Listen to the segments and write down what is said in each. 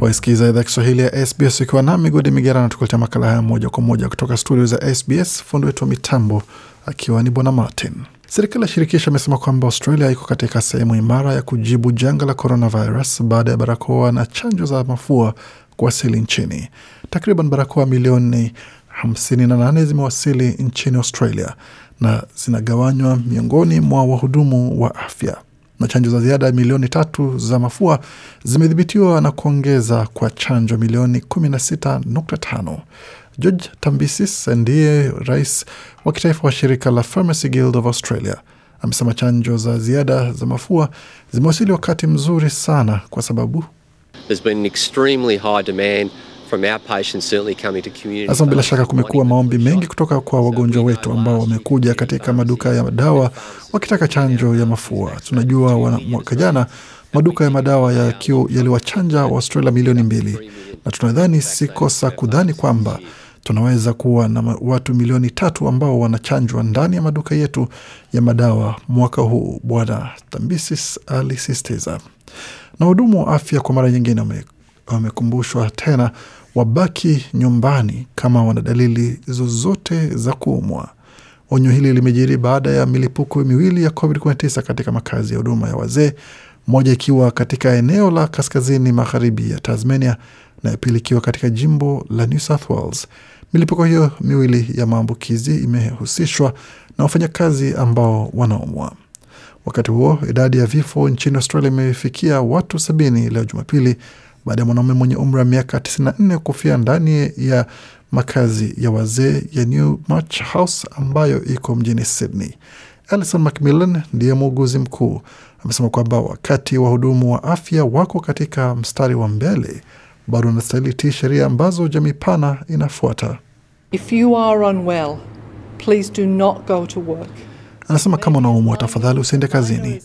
Waisikiza idhaa Kiswahili ya SBS ukiwa na Migodi Migerano, tukuletea makala haya moja kwa moja kutoka studio za SBS, fundi wetu wa mitambo akiwa ni Bwana Martin. Serikali ya shirikisho amesema kwamba Australia iko katika sehemu imara ya kujibu janga la coronavirus baada ya barakoa na chanjo za mafua kuwasili nchini. Takriban barakoa milioni 58 zimewasili nchini Australia na zinagawanywa miongoni mwa wahudumu wa afya na chanjo za ziada milioni tatu za mafua zimedhibitiwa na kuongeza kwa chanjo milioni 16.5. George Tambisis ndiye rais wa kitaifa wa shirika la Pharmacy Guild of Australia amesema chanjo za ziada za mafua zimewasili wakati mzuri sana kwa sababu There's been an extremely high demand Hasa bila shaka kumekuwa maombi mengi kutoka kwa wagonjwa wetu ambao wamekuja katika maduka ya dawa wakitaka chanjo ya mafua. Tunajua mwaka jana maduka ya madawa ya yaliwachanja Waustralia milioni mbili, na tunadhani si kosa kudhani kwamba tunaweza kuwa na watu milioni tatu ambao wanachanjwa ndani ya maduka yetu ya madawa mwaka huu, Bwana tambisis alisisitiza. Na wahudumu wa afya kwa mara nyingine wamekumbushwa tena wabaki nyumbani kama wana dalili zozote za kuumwa. Onyo hili limejiri baada ya milipuko miwili ya COVID-19 katika makazi ya huduma ya wazee, moja ikiwa katika eneo la kaskazini magharibi ya Tasmania na ya pili ikiwa katika jimbo la New South Wales. Milipuko hiyo miwili ya maambukizi imehusishwa na wafanyakazi ambao wanaumwa. Wakati huo idadi ya vifo nchini Australia imefikia watu sabini leo Jumapili, baada ya mwanaume mwenye umri wa miaka 94 kufia ndani ya makazi ya wazee ya Newmarch House ambayo iko mjini Sydney. Alison Macmillan ndiye muuguzi mkuu, amesema kwamba wakati wahudumu wa afya wako katika mstari wa mbele, bado wanastahili tii sheria ambazo jamii pana inafuata. If you are unwell, please do not go to work. Anasema kama unaumwa, tafadhali usiende kazini.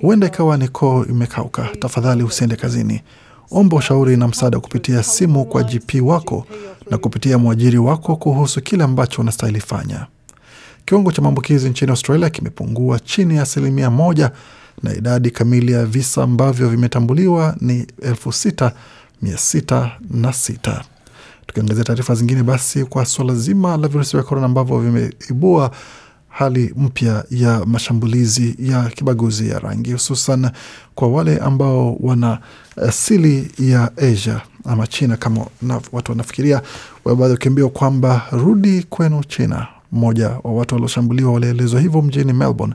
Huenda ikawa ni koo imekauka, tafadhali usiende kazini. Omba ushauri na msaada kupitia simu kwa GP wako na kupitia mwajiri wako kuhusu kile ambacho unastahili fanya. Kiwango cha maambukizi nchini Australia kimepungua chini ya asilimia moja na idadi kamili ya visa ambavyo vimetambuliwa ni elfu sita mia sita na sita. Tukiangazia taarifa zingine, basi kwa suala zima la virusi vya korona ambavyo vimeibua hali mpya ya mashambulizi ya kibaguzi ya rangi, hususan kwa wale ambao wana asili eh, ya Asia ama China kama na, watu wanafikiria baadhi wakiambiwa kwamba rudi kwenu China. Mmoja wa watu walioshambuliwa walielezwa hivyo mjini Melbourne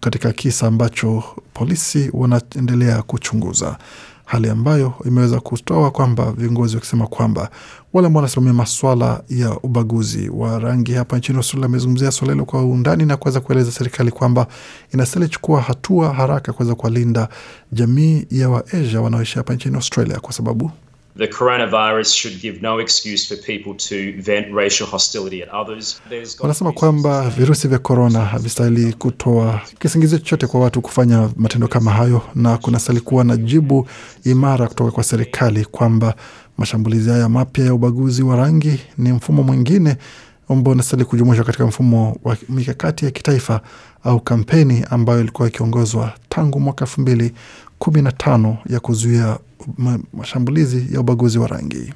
katika kisa ambacho polisi wanaendelea kuchunguza hali ambayo imeweza kutoa kwamba viongozi wakisema kwamba wale ambao wanasimamia maswala ya ubaguzi wa rangi hapa nchini Australia amezungumzia swala hilo kwa undani na kuweza kueleza serikali kwamba inastahili chukua hatua haraka kuweza kuwalinda jamii ya Waasia wanaoishi hapa nchini Australia kwa sababu The coronavirus should give no excuse for people to vent racial hostility at others. Wanasema kwamba virusi vya korona havistahili kutoa kisingizio chochote kwa watu kufanya matendo kama hayo, na kunastahili kuwa na jibu imara kutoka kwa serikali kwamba mashambulizi haya mapya ya ubaguzi wa rangi ni mfumo mwingine ambao unastahili kujumuishwa katika mfumo wa mikakati ya kitaifa au kampeni ambayo ilikuwa ikiongozwa tangu mwaka elfu mbili kumi na tano ya kuzuia mashambulizi ya ubaguzi wa rangi.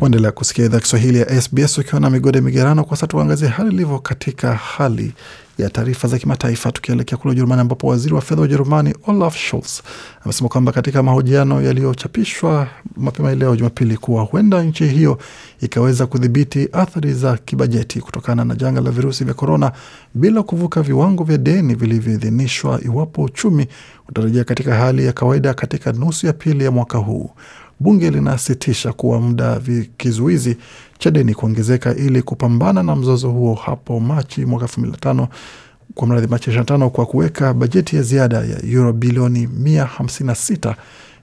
Waendelea kusikia idhaa Kiswahili ya SBS ukiwa na migode migerano. Kwa sasa tuangazie hali ilivyo katika hali ya taarifa za kimataifa, tukielekea kule Ujerumani ambapo waziri wa fedha wa Ujerumani Olaf Scholz amesema kwamba katika mahojiano yaliyochapishwa mapema leo Jumapili kuwa huenda nchi hiyo ikaweza kudhibiti athari za kibajeti kutokana na janga la virusi vya korona bila kuvuka viwango vya deni vilivyoidhinishwa iwapo uchumi utarejea katika hali ya kawaida katika nusu ya pili ya mwaka huu bunge linasitisha kuwa muda kizuizi cha deni kuongezeka ili kupambana na mzozo huo hapo Machi mwaka elfu mbili na tano kwa mradhi Machi tano kwa kuweka bajeti ya ziada ya euro bilioni sita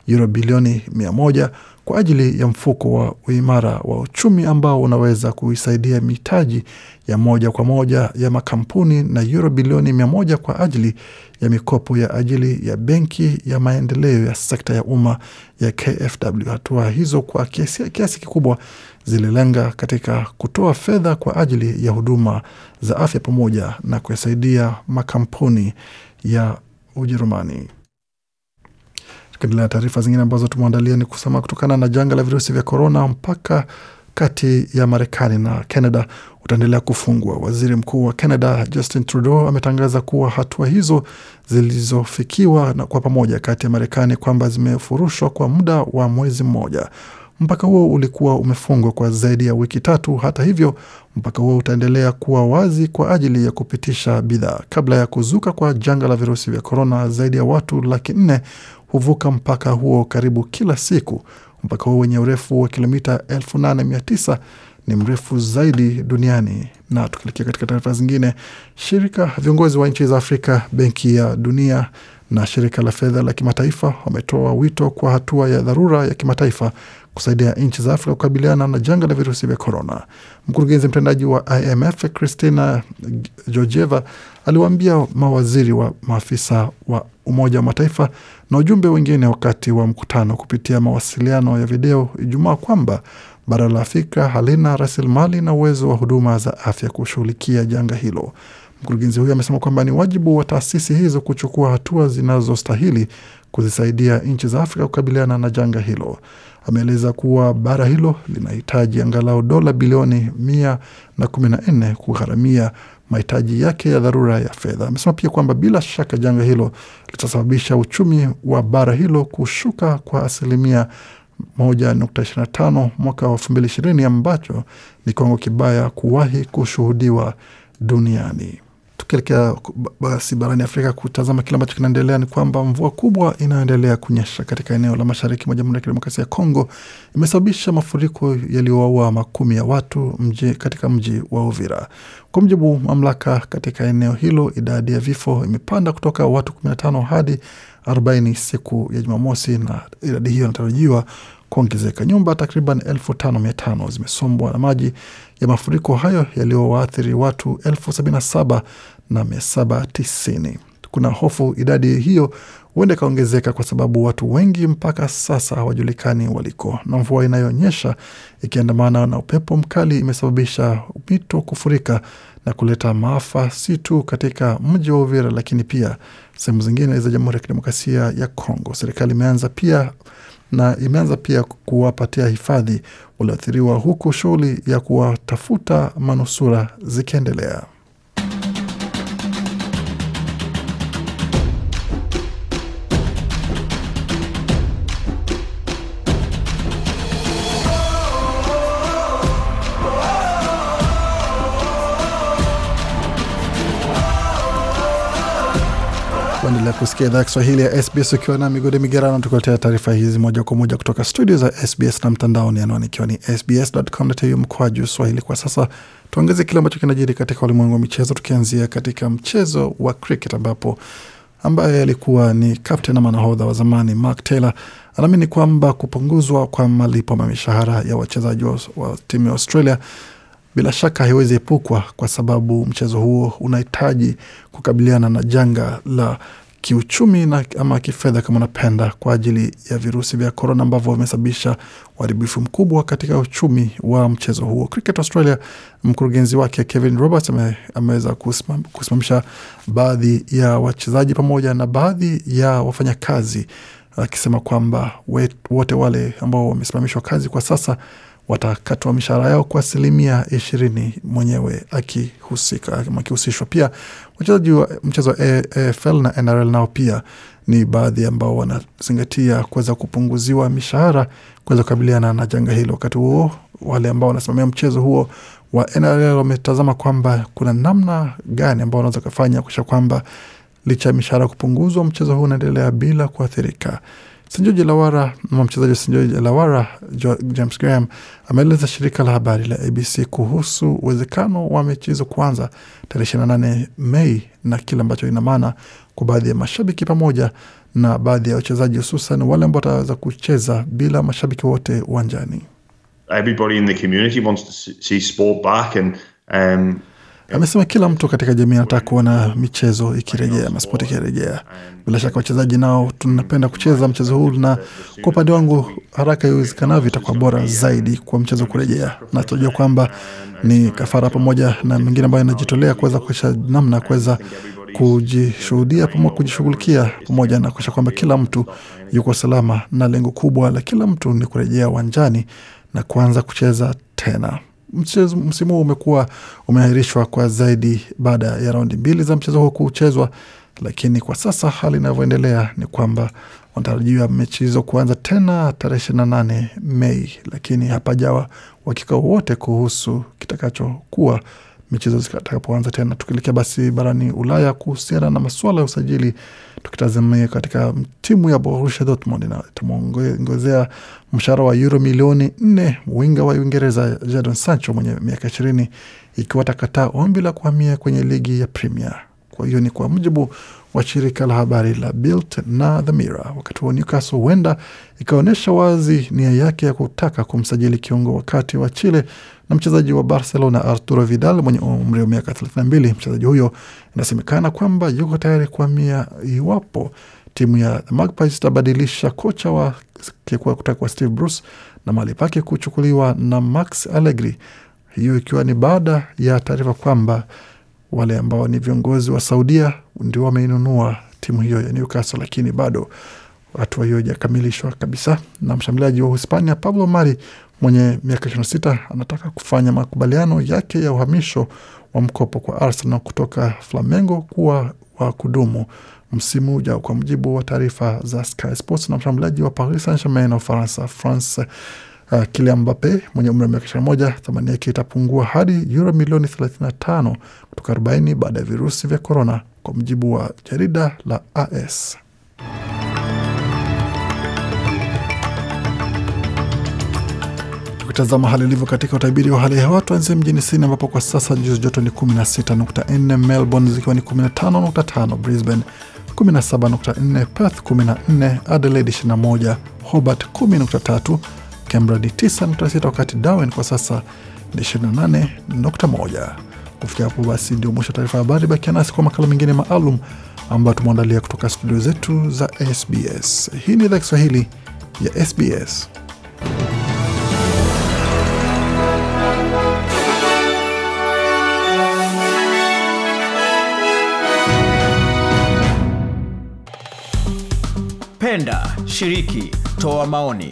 euro bilioni moja kwa ajili ya mfuko wa uimara wa uchumi ambao unaweza kuisaidia mitaji ya moja kwa moja ya makampuni na euro bilioni mia moja kwa ajili ya mikopo ya ajili ya benki ya maendeleo ya sekta ya umma ya KfW. Hatua hizo kwa kiasi, kiasi kikubwa zililenga katika kutoa fedha kwa ajili ya huduma za afya pamoja na kuyasaidia makampuni ya Ujerumani. Tukiendelea na taarifa zingine ambazo tumeandalia ni kusema kutokana na janga la virusi vya korona, mpaka kati ya Marekani na Canada utaendelea kufungwa. Waziri mkuu wa Canada Justin Trudeau ametangaza kuwa hatua hizo zilizofikiwa na kwa pamoja kati ya Marekani kwamba zimefurushwa kwa muda wa mwezi mmoja. Mpaka huo ulikuwa umefungwa kwa zaidi ya wiki tatu. Hata hivyo, mpaka huo utaendelea kuwa wazi kwa ajili ya kupitisha bidhaa. Kabla ya kuzuka kwa janga la virusi vya korona, zaidi ya watu laki nne huvuka mpaka huo karibu kila siku. Mpaka huo wenye urefu wa kilomita 89 ni mrefu zaidi duniani. Na tukielekea katika taarifa zingine, shirika viongozi wa nchi za Afrika, Benki ya Dunia na shirika la fedha la kimataifa wametoa wito kwa hatua ya dharura ya kimataifa kusaidia nchi za Afrika kukabiliana na janga la virusi vya korona. Mkurugenzi mtendaji wa IMF Christina Georgieva aliwaambia mawaziri wa maafisa wa Umoja wa Mataifa na ujumbe wengine wakati wa mkutano kupitia mawasiliano ya video Ijumaa kwamba bara la Afrika halina rasilimali na uwezo wa huduma za afya kushughulikia janga hilo. Mkurugenzi huyo amesema kwamba ni wajibu wa taasisi hizo kuchukua hatua zinazostahili kuzisaidia nchi za Afrika kukabiliana na janga hilo ameeleza kuwa bara hilo linahitaji angalau dola bilioni mia na kumi na nne kugharamia mahitaji yake ya dharura ya fedha. Amesema pia kwamba bila shaka janga hilo litasababisha uchumi wa bara hilo kushuka kwa asilimia 1.25 mwaka wa 2020 ambacho ni kiwango kibaya kuwahi kushuhudiwa duniani tukielekea basi barani Afrika kutazama kile ambacho kinaendelea ni kwamba mvua kubwa inayoendelea kunyesha katika eneo la mashariki mwa Jamhuri ya Kidemokrasia ya Kongo imesababisha mafuriko yaliyowaua makumi ya watu mji, katika mji wa Uvira. Kwa mujibu mamlaka katika eneo hilo, idadi ya vifo imepanda kutoka watu 15 hadi 40 siku ya Jumamosi, na idadi hiyo inatarajiwa kuongezeka. Nyumba takriban elfu tano mia tano zimesombwa na maji ya mafuriko hayo yaliyowaathiri watu elfu sabini na saba na mia saba tisini. Kuna hofu idadi hiyo huenda ikaongezeka kwa sababu watu wengi mpaka sasa hawajulikani waliko, na mvua inayonyesha ikiandamana na upepo mkali imesababisha mito kufurika na kuleta maafa si tu katika mji wa Uvira lakini pia sehemu zingine za Jamhuri ya Kidemokrasia ya Kongo. Serikali imeanza pia na imeanza pia kuwapatia hifadhi walioathiriwa, huku shughuli ya kuwatafuta manusura zikiendelea. Unaendelea kusikia idhaa Kiswahili ya SBS ukiwa na migodi migerano, tukuletea taarifa hizi moja kwa moja kutoka studio za SBS na mtandaoni, anwani ikiwa ni sbs.com.au juu swahili. Kwa sasa tuangazie kile ambacho kinajiri katika ulimwengu wa michezo, tukianzia katika mchezo wa cricket ambapo ambaye alikuwa ni kapten ama nahodha wa zamani Mark Taylor anaamini kwamba kupunguzwa kwa malipo ama mishahara ya wachezaji wa, wa timu ya Australia bila shaka haiwezi epukwa kwa sababu mchezo huo unahitaji kukabiliana na janga la kiuchumi na ama kifedha kama unapenda, kwa ajili ya virusi vya korona ambavyo vimesababisha uharibifu mkubwa katika uchumi wa mchezo huo. Cricket Australia, mkurugenzi wake Kevin Roberts ame, ameweza kusimamisha baadhi ya wachezaji pamoja na baadhi ya wafanyakazi akisema kwamba wote wale ambao wamesimamishwa kazi kwa sasa watakatwa mishahara yao kwa asilimia ishirini, mwenyewe akihusika akihusishwa. Pia wachezaji wa mchezo wa AFL na NRL nao pia ni baadhi ambao wanazingatia kuweza kupunguziwa mishahara kuweza kukabiliana na janga hilo. Wakati huo wale ambao wanasimamia mchezo huo wa NRL wametazama kwamba kuna namna gani ambao wanaweza kufanya kuisha kwamba licha ya mishahara kupunguzwa, mchezo huu unaendelea bila kuathirika. Sinjoji Lawara na mchezaji Sinjoji Lawara, James Graham ameeleza shirika la habari la ABC kuhusu uwezekano wa michezo kwanza kuanza tarehe 28 Mei na kile ambacho ina maana kwa baadhi ya mashabiki pamoja na baadhi ya wachezaji, hususan wale ambao wataweza kucheza bila mashabiki wote uwanjani. Everybody in the community wants to see sport back and um, Amesema kila mtu katika jamii anataka kuona michezo ikirejea, maspoti ikirejea. Bila shaka wachezaji nao tunapenda kucheza mchezo huu, na kwa upande wangu, haraka iwezekanavyo itakuwa bora zaidi kwa mchezo kurejea, na tunajua kwamba ni kafara pamoja na mengine ambayo inajitolea kuweza kuesha namna ya kuweza kujishuhudia pamoja, kujishughulikia pamoja na kuesha kwamba kila mtu yuko salama, na lengo kubwa la kila mtu ni kurejea uwanjani na kuanza kucheza tena mchezo, msimu huu umekuwa umeahirishwa kwa zaidi baada ya raundi mbili za mchezo huo kuchezwa, lakini kwa sasa hali inavyoendelea ni kwamba wanatarajiwa mechi hizo kuanza tena tarehe ishirini na nane Mei, lakini hapajawa uhakika wowote kuhusu kitakachokuwa michezo zitakapoanza tena. Tukielekea basi barani Ulaya kuhusiana na masuala ya usajili, tukitazamia katika timu ya Borussia Dortmund itamwongezea mshahara wa euro milioni nne winga wa Uingereza Jadon Sancho mwenye miaka ishirini ikiwa atakataa ombi la kuhamia kwenye ligi ya Premier. Kwa hiyo ni kwa mujibu wa shirika la habari la Bild na The Mirror. Wakati huo Newcastle huenda ikaonyesha wazi nia yake ya kutaka kumsajili kiungo wakati wa Chile na mchezaji wa Barcelona Arturo Vidal mwenye umri wa miaka 32. Mchezaji huyo inasemekana kwamba yuko tayari kuhamia iwapo timu ya Magpies itabadilisha kocha wake kutoka kwa Steve Bruce na mahali pake kuchukuliwa na Max Allegri, hiyo ikiwa ni baada ya taarifa kwamba wale ambao ni viongozi wa Saudia ndio wameinunua timu hiyo ya Newcastle, lakini bado hatua hiyo ijakamilishwa kabisa. Na mshambuliaji wa uhispania Pablo Mari mwenye miaka sita anataka kufanya makubaliano yake ya uhamisho wa mkopo kwa Arsenal kutoka Flamengo kuwa wa kudumu msimu ujao, kwa mujibu wa taarifa za Sky Sports. Na mshambuliaji wa Paris Saint Germain wa Ufaransa France Uh, Kylian Mbappe mwenye umri wa miaka ishirini na moja thamani yake itapungua hadi euro milioni 35 kutoka 40 baada ya virusi vya korona, kwa mujibu wa jarida la AS. Tazama hali ilivyo katika utabiri wa hali ya hewa, tuanzie mjini Sydney ambapo kwa sasa nyuzi joto ni 16.4, Melbourne zikiwa ni 15.5, Brisbane 17.4, Perth 14, Adelaide 21, Hobart 10.3 Canberra ni 9.6 wakati Darwin kwa sasa ni 28.1. Kufikia hapo basi ndio mwisho wa taarifa ya habari. Bakia nasi kwa makala mengine maalum ambayo tumeandalia kutoka studio zetu za SBS. Hii ni idhaa Kiswahili ya SBS. Penda, shiriki, toa maoni